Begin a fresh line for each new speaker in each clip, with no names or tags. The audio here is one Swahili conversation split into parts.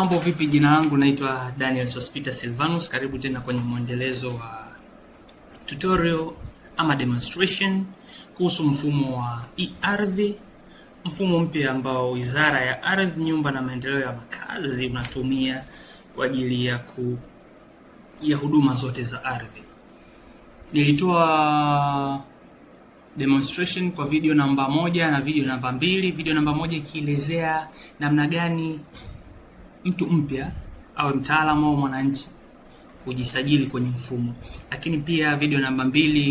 Mambo vipi? Jina langu naitwa Daniel Sospita Silvanus. Karibu tena kwenye mwendelezo wa tutorial ama demonstration kuhusu mfumo wa ardhi mfumo mpya ambao Wizara ya Ardhi, Nyumba na Maendeleo ya Makazi unatumia kwa ajili ya ku ya huduma zote za ardhi. Nilitoa demonstration kwa video namba moja na video namba mbili. Video namba moja ikielezea namna gani mtu mpya au mtaalamu au mwananchi kujisajili kwenye mfumo. Lakini pia video namba mbili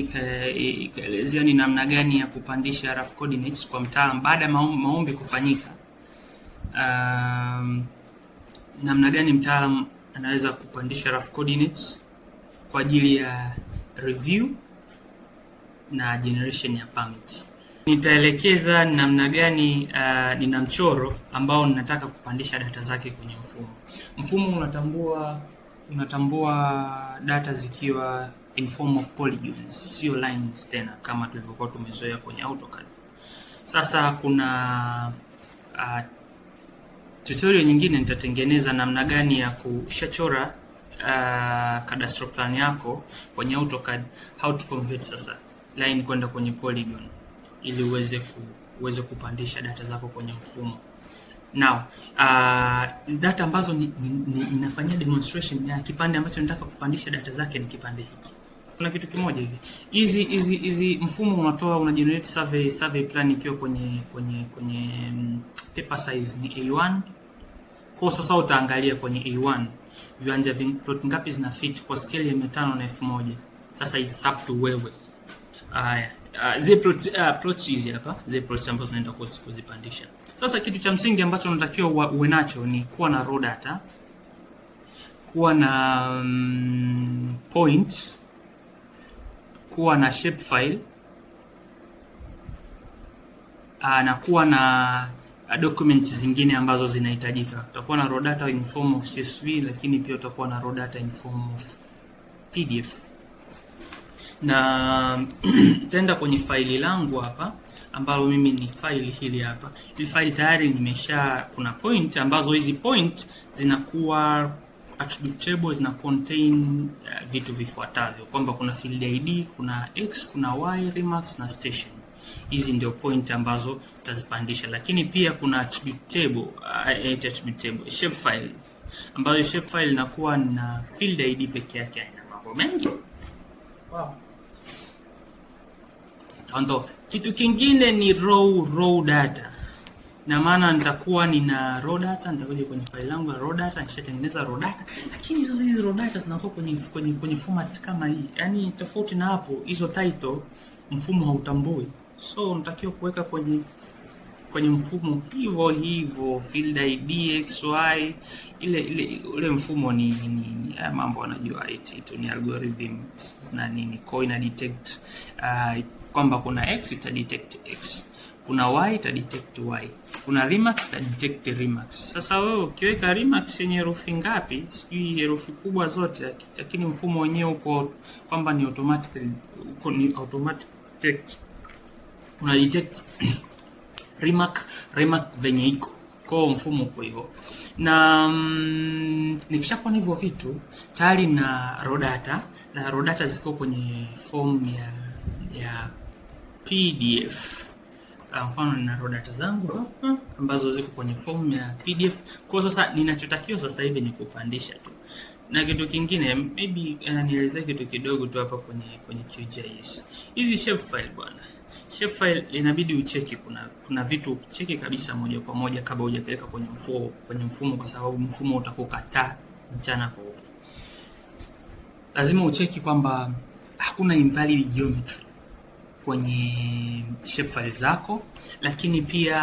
ikaelezea ni namna gani ya kupandisha rough coordinates kwa mtaalamu baada ya maombi kufanyika. Um, namna gani mtaalamu anaweza kupandisha rough coordinates kwa ajili ya review na generation ya permit nitaelekeza namna gani uh, nina mchoro ambao ninataka kupandisha data zake kwenye mfumo. Mfumo unatambua unatambua data zikiwa in form of polygons, sio lines tena kama tulivyokuwa tumezoea kwenye AutoCAD. Sasa kuna uh, tutorial nyingine nitatengeneza namna gani ya kushachora uh, plan yako kwenye AutoCAD, how to convert sasa line kwenda kwenye polygon ili uweze ku, uweze kupandisha data zako kwenye mfumo. Now, uh, data ambazo ni, ni, demonstration ya kipande ambacho nataka kupandisha data zake ni kipande hiki. Kuna kitu kimoja hivi. Hizi hizi hizi mfumo unatoa una generate survey survey plan ikiwa kwenye kwenye kwenye mm, paper size ni A1. Kwa sasa utaangalia kwenye A1 viwanja plot ngapi zina fit kwa scale ya 500 na 1000. Sasa it's up to wewe. Haya uh, hapa zile ambazo tunaenda kuzipandisha. Sasa kitu cha msingi ambacho unatakiwa uwe nacho ni kuwa na raw data, kuwa na um, point, kuwa na file uh, na kuwa na documents zingine ambazo zinahitajika. Utakuwa na raw data in form of CSV, lakini pia utakuwa na raw data in form of PDF na nitaenda kwenye faili langu hapa ambalo mimi ni faili hili hapa. Hii faili tayari nimesha, kuna point ambazo hizi point zinakuwa attributable zina contain uh, vitu vifuatavyo kwamba kuna field id, kuna x, kuna y, remarks na station. Hizi ndio point ambazo tutazipandisha, lakini pia kuna attribute table, uh, eh, eh, attribute table shape file ambayo shape file inakuwa na field id peke yake, haina mambo mengi. Ando, kitu kingine ni raw raw data. Na maana nitakuwa nina raw data, nitakuja kwenye file langu la raw data, nishatengeneza raw data, lakini sasa hizi raw data zinakuwa kwenye kwenye kwenye format kama hii. Yaani tofauti na hapo hizo title mfumo hautambui. So natakiwa kuweka kwenye kwenye mfumo hivyo hivyo field id xy ile ile ule mfumo ni ni, ni Mambo anajua IT tu ni algorithm na nini, coin detect uh, kwamba kuna x ita detect x, kuna y ita detect y, kuna Remax ita detect Remax. Sasa wewe ukiweka Remax yenye herufi ngapi, sijui herufi kubwa zote, lakini mfumo wenyewe uko kwamba ni automatic, uko ni automatic detect, una detect Remax Remax venye iko kwa mfumo uko hivyo na mm, nikishakuwa hivyo vitu tayari na raw data na raw data ziko kwenye form ya ya PDF. Kwa ah, Mfano nina data zangu hapa ambazo ziko kwenye form ya PDF. Kwa sasa ninachotakiwa sasa hivi ni kupandisha tu. Na kitu kingine maybe uh, nielezee kitu kidogo tu hapa kwenye kwenye QGIS. Hizi shape file bwana. Shape file inabidi ucheki, kuna kuna vitu ucheki kabisa moja kwa moja kabla hujapeleka kwenye mfumo kwenye mfumo, kwa sababu mfumo utakukataa mchana kwa. Lazima ucheki kwamba hakuna invalid geometry kwenye shapefile zako, lakini pia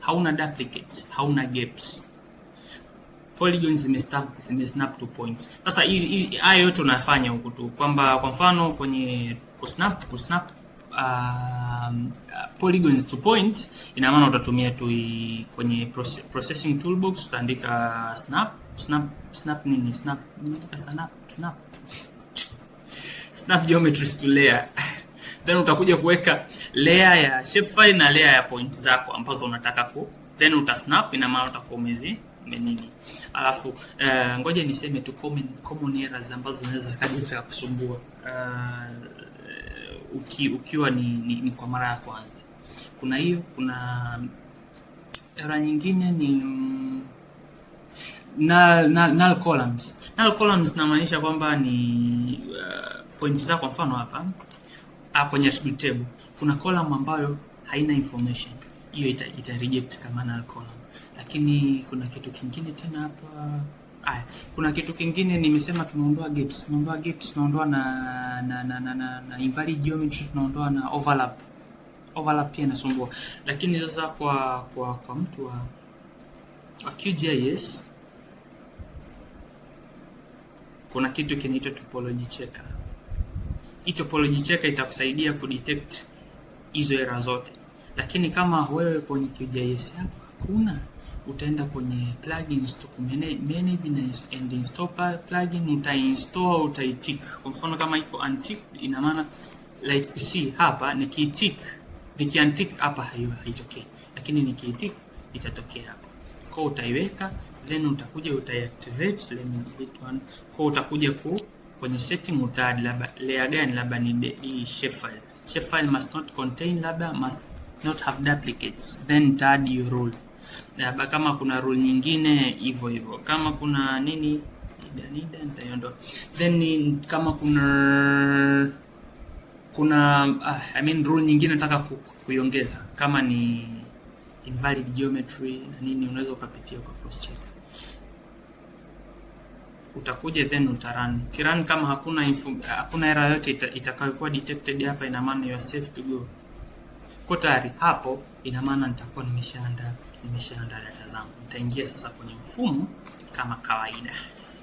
hauna duplicates, hauna gaps. Polygons zimesnap zimesnap to points. Sasa hizi haya yote unafanya huko tu kwamba kwa mfano kwenye kusnap kusnap Uh, um, polygons to point ina maana utatumia tu kwenye proce- processing toolbox utaandika snap snap snap nini snap snap snap snap geometry to layer then utakuja kuweka layer ya shapefile na layer ya point zako ambazo unataka ku then uta snap ina maana utakuwa umezi nini. Alafu uh, ngoja niseme tu common, common errors ambazo zinaweza zikaja kusumbua uh, eh, uki, ukiwa ni, ni, ni kwa mara ya kwanza. Kuna hiyo, kuna error nyingine ni mm, null, null, null columns. Null columns inamaanisha kwamba ni uh, eh, point zako, kwa mfano hapa ah, kwenye attribute table kuna column ambayo haina information, hiyo ita, ita reject kama na column. Lakini kuna kitu kingine tena hapa Aya, kuna kitu kingine nimesema tunaondoa gaps, tunaondoa gaps, tunaondoa na na na na, na, na invalid geometry, tunaondoa na overlap. Overlap pia inasumbua. Lakini sasa kwa kwa kwa mtu wa wa QGIS kuna kitu kinaitwa topology checker hii topology checker itakusaidia kudetect hizo error zote, lakini kama wewe kwenye QGIS yako hakuna, utaenda kwenye plugins to manage and install plugin, utainstall utaitik. Kwa mfano kama iko untick, ina maana like you see hapa nikiitik, nikiantik hapa hiyo haitokei, lakini nikiitik itatokea hapa. Kwa utaiweka then utakuja utaiactivate, let me delete one. Kwa utakuja ku kwenye setting utahadi labda layer gani, labda ni hii shape file shape file must not contain, labda must not have duplicates, then nitaadi hiyo rule. Labda kama kuna rule nyingine hivyo hivyo, kama kuna nini nida nida nitaiondoa, then kama kuna kuna uh, I mean rule nyingine nataka kuiongeza, kama ni invalid geometry na nini, unaweza ukapitia kwa cross check utakuja then utarun. Kiran kama hakuna info, hakuna error yote itakayokuwa detected hapa, ina maana you are safe to go. Kwa tayari hapo, ina maana nitakuwa nimeshaandaa nimeshaandaa data zangu. Nitaingia sasa kwenye mfumo kama kawaida.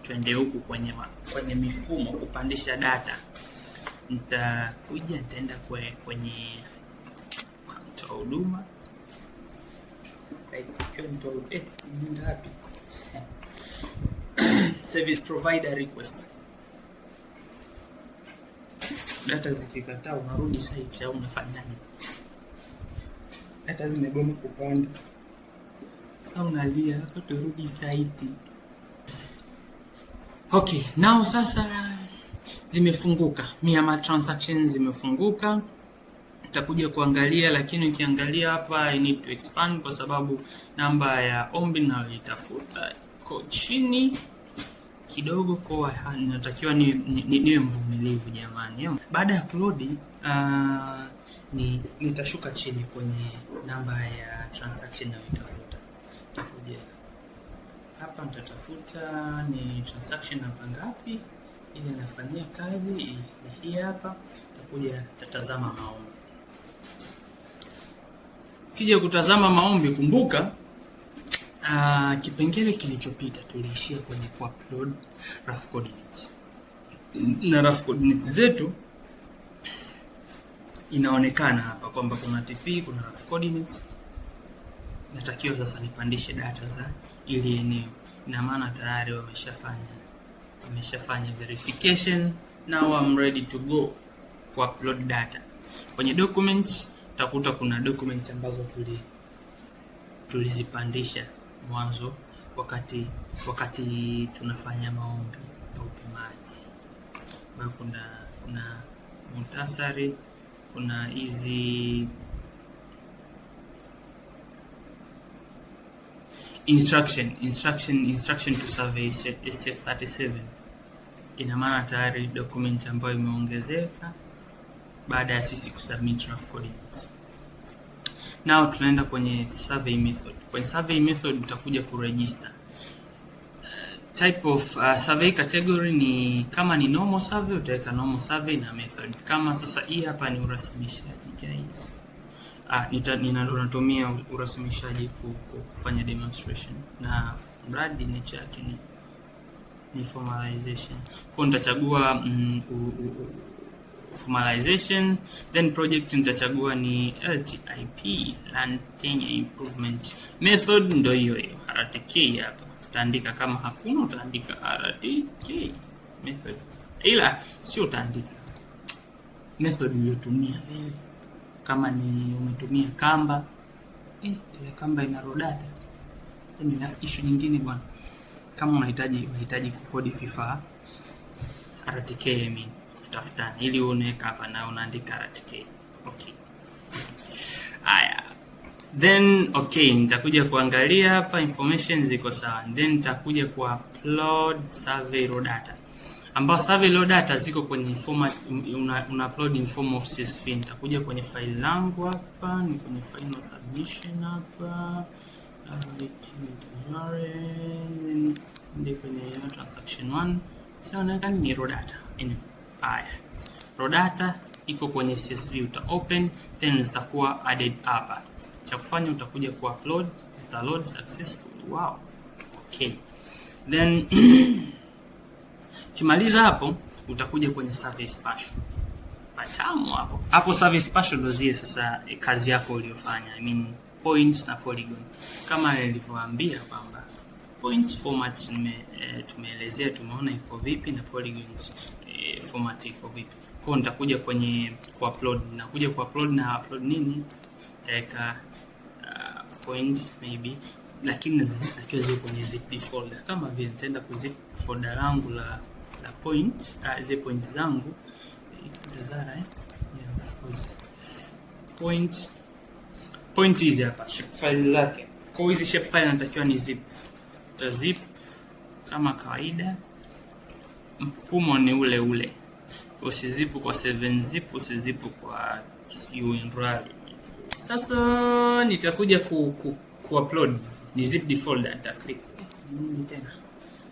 Twende huku kwenye kwenye mifumo kupandisha data. Nitakuja nitaenda kwe, kwenye mtoa huduma like, eh, wapi service provider request. Data zikikataa unarudi site au unafanyaje? Data zimegoma kupanda, sasa unalia hapo, turudi site. Okay, now sasa zimefunguka, miama transactions zimefunguka takuja kuangalia, lakini ukiangalia hapa I need to expand kwa sababu namba ya ombi nayo itafuta iko chini kidogo kwa natakiwa niwe ni, ni, ni mvumilivu jamani. Baada ya kulodi uh, ah, ni nitashuka chini kwenye namba ya transaction nayoitafuta. takuja hapa nitatafuta ni transaction namba ngapi ili nafanyia kazi ni hii hapa. Nitakuja tatazama maombi, kija kutazama maombi, kumbuka Uh, kipengele kilichopita tuliishia kwenye kuupload rough coordinates na rough coordinates zetu inaonekana hapa kwamba kuna TP, kuna rough coordinates. Natakiwa sasa nipandishe data za ili eneo, ina maana tayari wameshafanya wameshafanya verification now I'm ready to go ku upload data kwenye documents. Utakuta kuna documents ambazo tuli tulizipandisha tuli mwanzo wakati wakati tunafanya maombi ya upimaji. Kwa kuna kuna muhtasari, kuna hizi instruction instruction instruction to survey SF37. Ina maana tayari document ambayo imeongezeka baada ya sisi kusubmit rough coordinates. Now tunaenda kwenye survey method. Kwenye survey method utakuja kuregister type of uh, survey category ni kama ni normal survey utaweka normal survey na method. Kama sasa hii hapa ni urasimishaji guys. Ah, natumia urasimishaji kufanya demonstration na mradi nature yake ni formalization. Kwa nitachagua mm, formalization then project nitachagua ni LTIP tenure improvement method, ndio hiyo hiyo RTK. Hapa utaandika kama hakuna, utaandika RTK method, ila sio utaandika method uliyotumia wewe, kama ni umetumia kamba eh, ile kamba ina raw data, ni ishu nyingine bwana. Kama unahitaji unahitaji kukodi vifaa RTK I mean kutafuta ili unaweka hapa na unaandika RTK. Okay. Haya. Then okay, nitakuja kuangalia hapa information ziko sawa. Then nitakuja ku upload survey raw data. Ambao survey raw data ziko kwenye format una, una upload in form of CSV. Nitakuja kwenye file langu hapa, ni kwenye final submission hapa. Ndio kwenye transaction 1. Sasa naweka ni raw data. Anyway haya. Raw data iko kwenye CSV, uta open then zitakuwa added hapa. Cha kufanya utakuja ku upload, zita load successful. Wow. Okay. Then kimaliza hapo utakuja kwenye service passion. Patamu hapo. Hapo service passion ndio zile sasa eh, kazi yako uliyofanya. I mean points na polygon. Kama nilivyoambia kwamba points format eh, tumeelezea, tumeona iko vipi na polygons format iko vipi. Kwa hiyo nitakuja kwenye kuupload, nakuja kuupload na upload nini, nitaweka uh, points maybe, lakini natakiwa ziwe kwenye zip folder. Kama vile nitaenda ku zip folder langu la la point uh, zile point zangu tazara eh? yeah, of course point point hizi hapa shapefile zake. Kwa hiyo hizi shapefile natakiwa ni zip, ta zip kama kawaida mfumo ni ule ule, usizipu kwa 7 zip, usizipu kwa uWinrar. Sasa nitakuja ku, ku, ku upload ni zip default, nita click nini tena,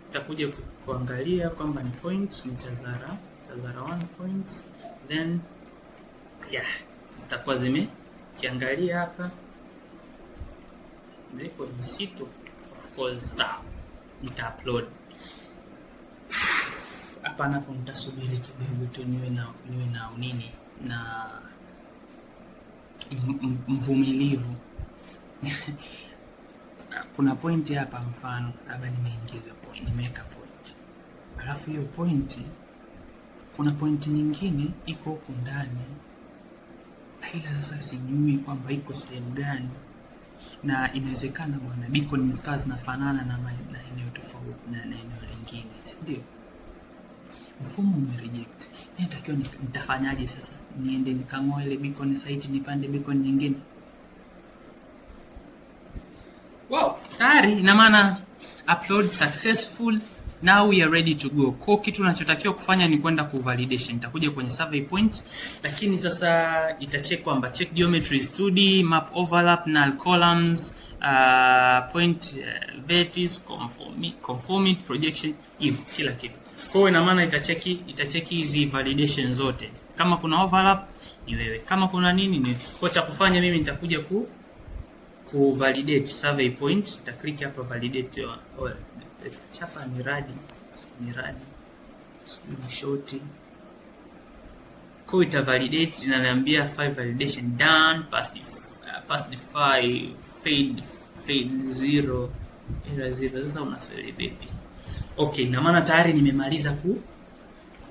nitakuja ku, kuangalia kwamba ni point, nitazara tazara one point then yeah, zitakuwa kiangalia hapa ziko msitu of course, sawa nita upload hapana, kuntasubiri kidogo tu niwe na niwe na nini na mvumilivu. Kuna pointi hapa, mfano labda nimeingiza point, nimeweka point, alafu hiyo pointi, kuna pointi nyingine iko huku ndani, ila sasa sijui kwamba iko sehemu gani, na inawezekana bwana bikoni zikawa zinafanana na eneo tofauti na eneo lingine, sindio ndio? mfumo umereject. Natakiwa nitafanyaje sasa? Niende nikang'oa ile Bitcoin site nipande Bitcoin nyingine? Wow, tayari ina maana upload successful. Now we are ready to go. Kwa kitu unachotakiwa kufanya ni kwenda ku validation. nitakuja kwenye survey point, lakini sasa itacheck kwamba check geometry study, map overlap, null columns, uh, point uh, vertices, conformity, conformity, projection, hivyo kila kitu. Kwa hiyo ina maana itacheki itacheki hizi validation zote, kama kuna overlap ni wewe, kama kuna nini ni kwa cha kufanya. Mimi nitakuja ku ku validate survey point, nita click hapa validate oil, oh, chapa ni ni radi radi ni shoti kwa ita validate, inaniambia five validation done past the, past the five fade fade zero era zero. Sasa una fail baby Okay, na maana tayari nimemaliza ku,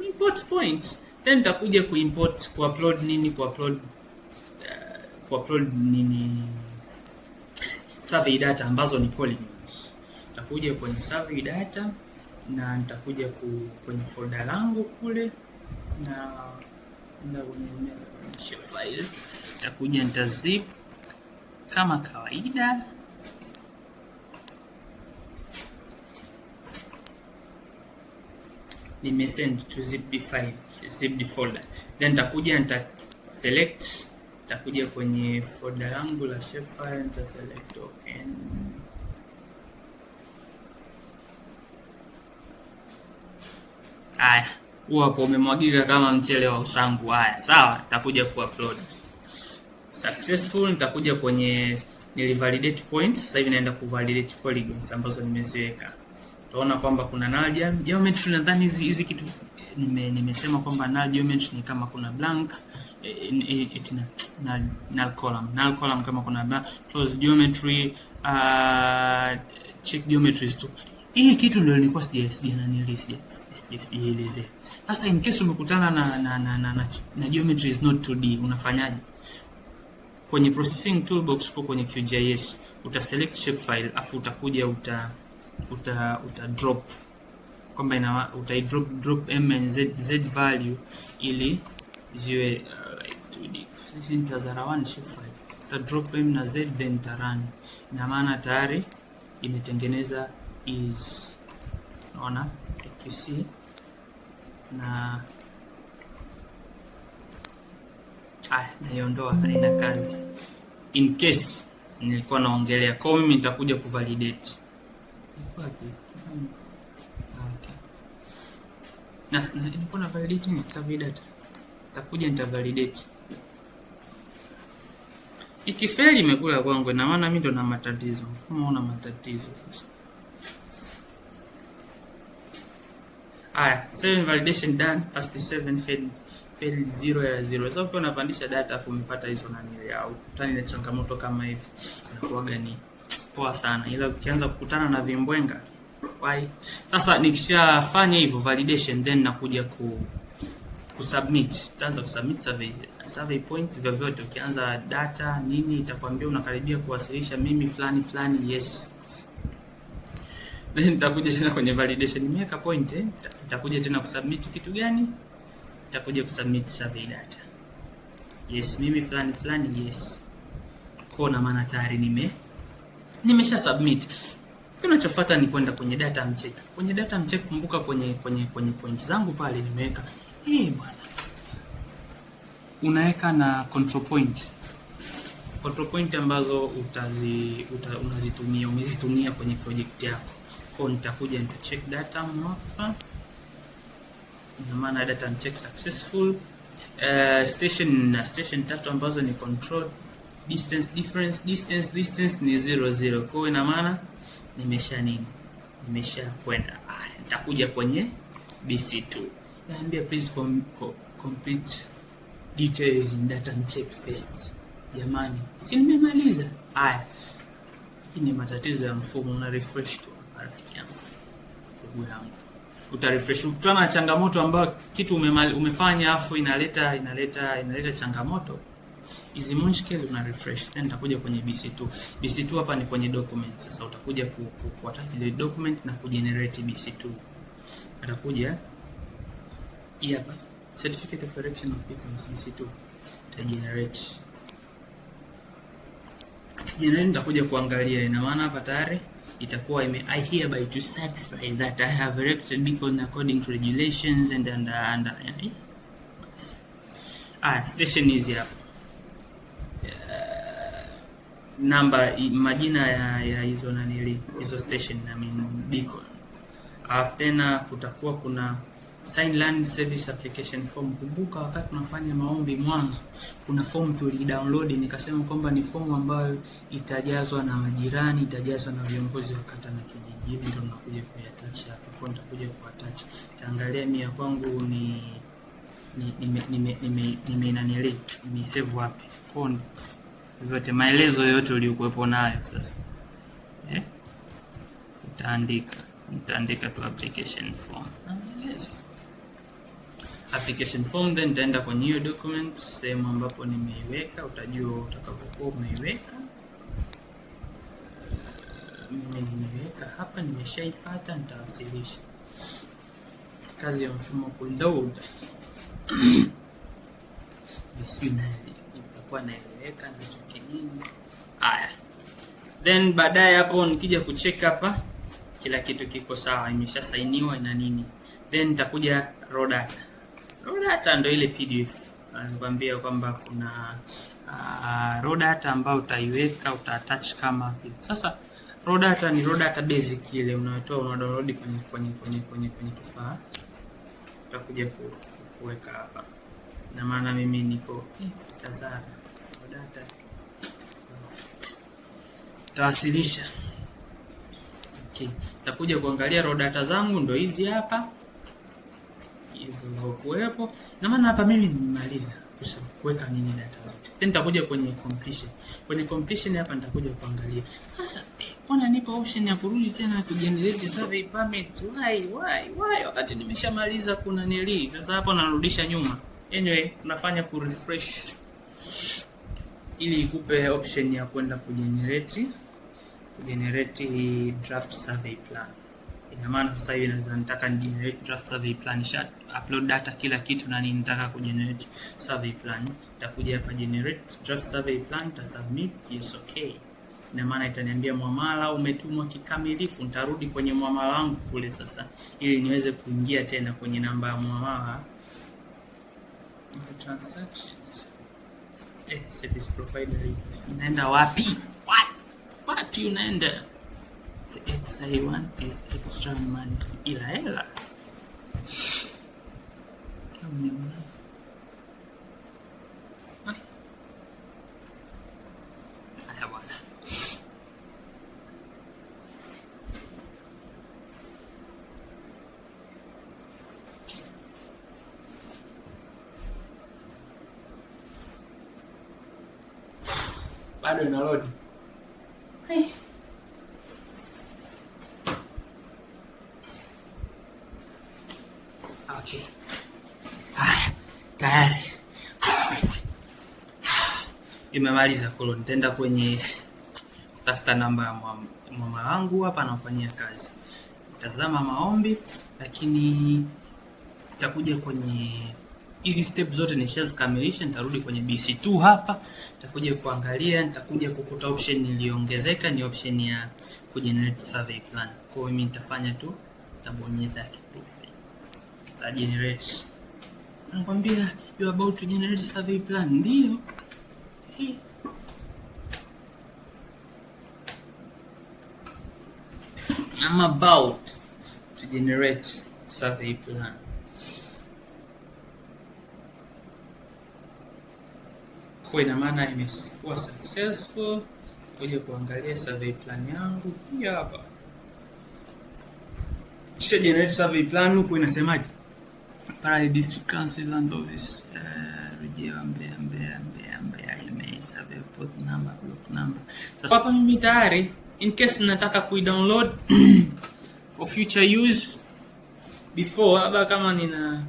import point, then nitakuja ku import ku upload nini, ku upload eh, ku upload nini survey data ambazo ni polygons. Nitakuja kwenye survey data na nitakuja ku, kwenye folder langu kule na na kwenye file nitakuja nitazip kama kawaida. nimesend to zip file, zip folder, then nitakuja nita select, nitakuja kwenye folder yangu la shapefile nita select open Haya, huo hapo umemwagika kama mchele wa usangu. Haya, sawa, nitakuja ku upload successful. Nitakuja kwenye nilivalidate point, sasa hivi naenda ku validate polygons ambazo nimeziweka utaona kwamba kuna null geometry, nadhani hizi hizi kitu nime, nimesema kwamba null geometry ni kama kuna blank eh, eh, eh, it na null, null column null column kama kuna blank, closed geometry uh, check geometry tu. Hii kitu ndio nilikuwa sija sija nani sija sijaelezea. Sasa in case umekutana na na na, na, na, na geometry is not 2D unafanyaje? Kwenye processing toolbox uko kwenye QGIS, utaselect shape file afu utakuja uta uta, uta drop kwamba ina uta drop, drop m and z, z value ili ziwe uh, Sisi nitazara 1 shape file uta drop m na z then tarani, ina maana tayari imetengeneza is, naona etc na ah, naiondoa haina kazi. In case nilikuwa naongelea kwa mimi nitakuja kuvalidate na validate ni data, takuja Ikifeli imekula kwangu, na maana mimi ndo na matatizo, mfumo una matatizo sasa. Aya, seven validation done, past seven failed, failed zero ya zero. Sasa ukiwa unapandisha data afu umepata hizo nani, au kutani na changamoto kama hivi, inakuwa gani? poa sana, ila ukianza kukutana na vimbwenga why. Sasa nikishafanya hivyo validation, then nakuja ku kusubmit, taanza kusubmit survey survey point vyovyote. Ukianza data nini, itakwambia unakaribia kuwasilisha, mimi fulani fulani, yes then nitakuja tena kwenye validation, nimeweka point eh, nitakuja tena kusubmit kitu gani? Nitakuja kusubmit survey data, yes, mimi fulani fulani, yes. Kwa na maana tayari nime nimesha submit. Kinachofuata ni kwenda kwenye data mcheck. Kwenye data mcheck, kumbuka kwenye kwenye kwenye point zangu pale nimeweka eh bwana, unaweka na control point control point ambazo utazi uta, unazitumia umezitumia kwenye project yako. Kwa nitakuja nita check data hapa, ina maana data mcheck successful. Uh, station na station tatu ambazo ni control distance difference distance distance ni 00. Kwa ina maana nimesha nini? Nimesha kwenda. Ah, nitakuja kwenye BC2. Naambia please com, com, complete details in data check first. Jamani, si nimemaliza? Haya. Hii ni matatizo ya mfumo, una refresh tu rafiki yangu. Ndugu yangu. Uta refresh ukutana na changamoto ambayo kitu umefanya afu inaleta inaleta inaleta changamoto hizi munch scale una refresh, then utakuja kwenye BC2. BC2 hapa ni kwenye document. Sasa utakuja ku, ku, ku attach the document na ku generate BC2. Atakuja hii hapa certificate of erection of beacons BC2 ta Generate Generate utakuja kuangalia, ina maana hapa tayari itakuwa ime I hereby to certify that I have erected beacon according to regulations and under under. Eh? Ah, station is hapa namba majina ya, ya hizo nanili hizo station I mean beacon. Alafu ah, tena kutakuwa kuna sign land service application form. Kumbuka wakati tunafanya maombi mwanzo, kuna form tulidownload, nikasema kwamba ni form ambayo itajazwa na majirani, itajazwa na viongozi wa kata na kijiji. Hivi ndio nakuja kuattach hapo, kwa nitakuja kuattach. Taangalia mia kwangu ni ni nime nime nime nime, nime, nime, nime save wapi kwa vyote maelezo yote uliokuwepo nayo sasa eh? Utaandika nitaandika tu application form maelezo application form, then nitaenda kwenye hiyo document sehemu ambapo nimeiweka, utajua utakapokuwa umeiweka. Mimi nimeiweka hapa, nimeshaipata, nitawasilisha kazi ya mfumo kuload nilikuwa naeleweka ndicho kinini. Haya, then baadaye hapo nikija kucheck hapa, kila kitu kiko sawa, imeshasainiwa na nini, then nitakuja raw data. Raw data ndio ile PDF nilikwambia kwamba kuna uh, raw data ambayo utaiweka utaattach kama hivi. Sasa raw data ni raw data basic ile unayotoa una download kwenye kwenye kwenye kwenye kwenye kifaa, utakuja kuweka hapa na maana mimi niko eh, Tazara data tawasilisha. Okay, takuja kuangalia raw data zangu ndo hizi hapa kuwepo na maana hapa mimi nimemaliza kuweka nini data zote, then nitakuja kwenye completion. Kwenye completion hapa nitakuja kuangalia sasa, eh, mbona eh, nipo option ya kurudi tena ku generate survey permit why why why, wakati nimeshamaliza kuna nili sasa, hapo narudisha nyuma. Anyway, tunafanya ku refresh ili ikupe option ya kwenda kujenerate generate draft survey plan. Ina maana sasa hivi naweza nitaka ni generate draft survey plan, nisha upload data kila kitu, na ninataka ku generate survey plan, nitakuja hapa generate draft survey plan, ta submit yes, okay. Ina maana itaniambia mwamala umetumwa kikamilifu. Nitarudi kwenye mwamala wangu kule sasa, ili niweze kuingia tena kwenye namba ya mwamala transaction eh, service provider unaenda wapi what, wapi unaenda the extra you want is extra money ila hela bado ina load. Okay. Haya, tayari imemaliza kulo. Nitaenda kwenye tafuta namba ya mama wangu hapa anafanyia kazi, tazama maombi, lakini itakuja kwenye hizi step zote nishazikamilisha, nitarudi kwenye BC2 hapa, nitakuja kuangalia, nitakuja kukuta option iliyoongezeka ni option ya kugenerate survey plan. Kwa hiyo mimi nitafanya tu, nitabonyeza kitufe ta generate, nakwambia you are about to generate survey plan, ndio I'm about to generate survey plan. kwa ina maana imekuwa successful. Kuja kuangalia survey plan yangu hii hapa, kisha generate survey plan. Huko inasemaje? Para District Council Land Office, uh, rejea Mbeya, Mbeya, Mbeya, Mbeya, ime survey report number, block number. Sasa hapa mimi tayari in case nataka ku download for future use before, labda kama nina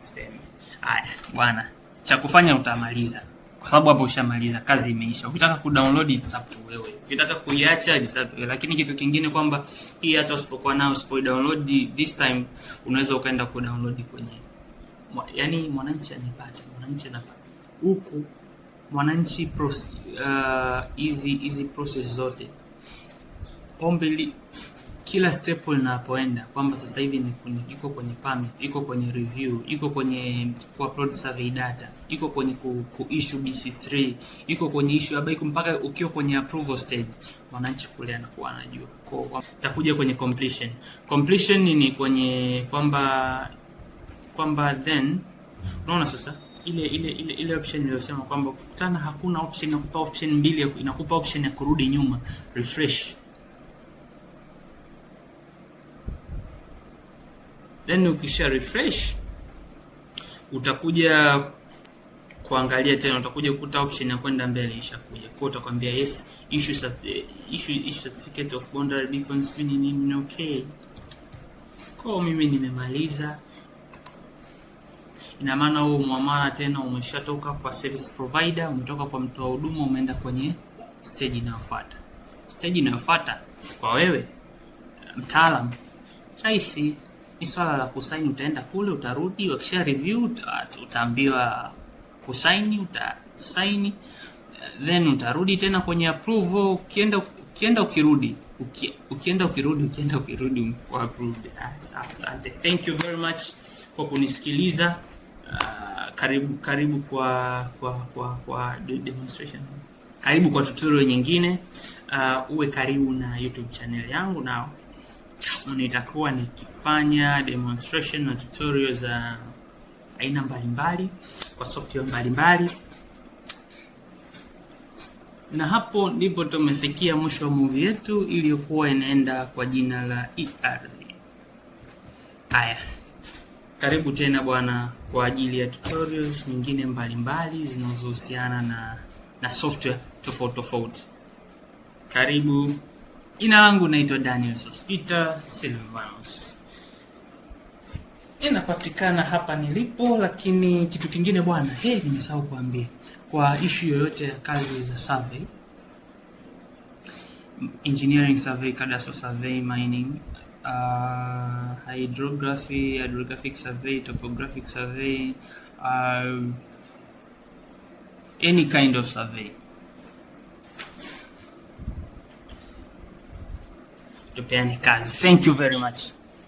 sema haya bwana, cha kufanya utamaliza kwa sababu hapo ushamaliza, kazi imeisha. Ukitaka kudownload up to wewe, ukitaka kuiacha Lakini kitu kingine kwamba hii hata usipokuwa nayo usipo download this time, unaweza ukaenda ku download kwenye yani, mwananchi anaipata, mwananchi anapata huku mwananchi uh, hizi uh, hizi process zote ombi kila step linapoenda kwamba sasa hivi ni iko kwenye permit, iko kwenye review, iko kwenye ku upload survey data, iko kwenye ku, ku issue BC3, iko kwenye issue ambayo mpaka ukiwa kwenye approval stage, mwananchi kule anakuwa anajua. Kwa takuja kwenye completion. Completion ni kwenye kwamba kwamba then unaona sasa ile ile ile ile option niliyosema kwamba kukutana hakuna option ya kupa option mbili, inakupa option ya kurudi nyuma refresh then ukisha refresh utakuja kuangalia tena, utakuja kukuta option ya kwenda mbele ishakuja. Kwa utakwambia yes issue issue issue certificate of boundary beacons ni Okay, kwa mimi nimemaliza. Ina maana huu muamala tena umeshatoka kwa service provider, umetoka kwa mtoa huduma, umeenda kwenye stage inayofuata. Stage inayofuata kwa wewe mtaalam rahisi ni swala la kusaini. Utaenda kule, utarudi, wakisha review utaambiwa kusaini, utasaini then utarudi tena kwenye approve. Ukienda ukienda ukirudi ukienda ukirudi ukienda ukirudi kwa approved. Asante, thank you very much kwa kunisikiliza. Uh, karibu karibu kwa kwa kwa kwa demonstration, karibu kwa tutorial nyingine. Uh, uwe karibu na YouTube channel yangu nao nitakuwa nikifanya demonstration na tutorial za aina mbalimbali kwa software mbalimbali na hapo ndipo tumefikia mwisho wa movie yetu iliyokuwa inaenda kwa jina la e Haya, karibu tena bwana, kwa ajili ya tutorials nyingine mbalimbali zinazohusiana na na software tofauti tofauti. Karibu. Jina langu naitwa Daniel Sospita Silvanus. Inapatikana hapa nilipo, lakini kitu kingine bwana, he, nimesahau kuambia kwa ishu yoyote ya kazi za survey, engineering survey, cadastral survey, mining, uh, hydrography, hydrographic survey, topographic survey, uh, any kind of survey do PN Thank you very much.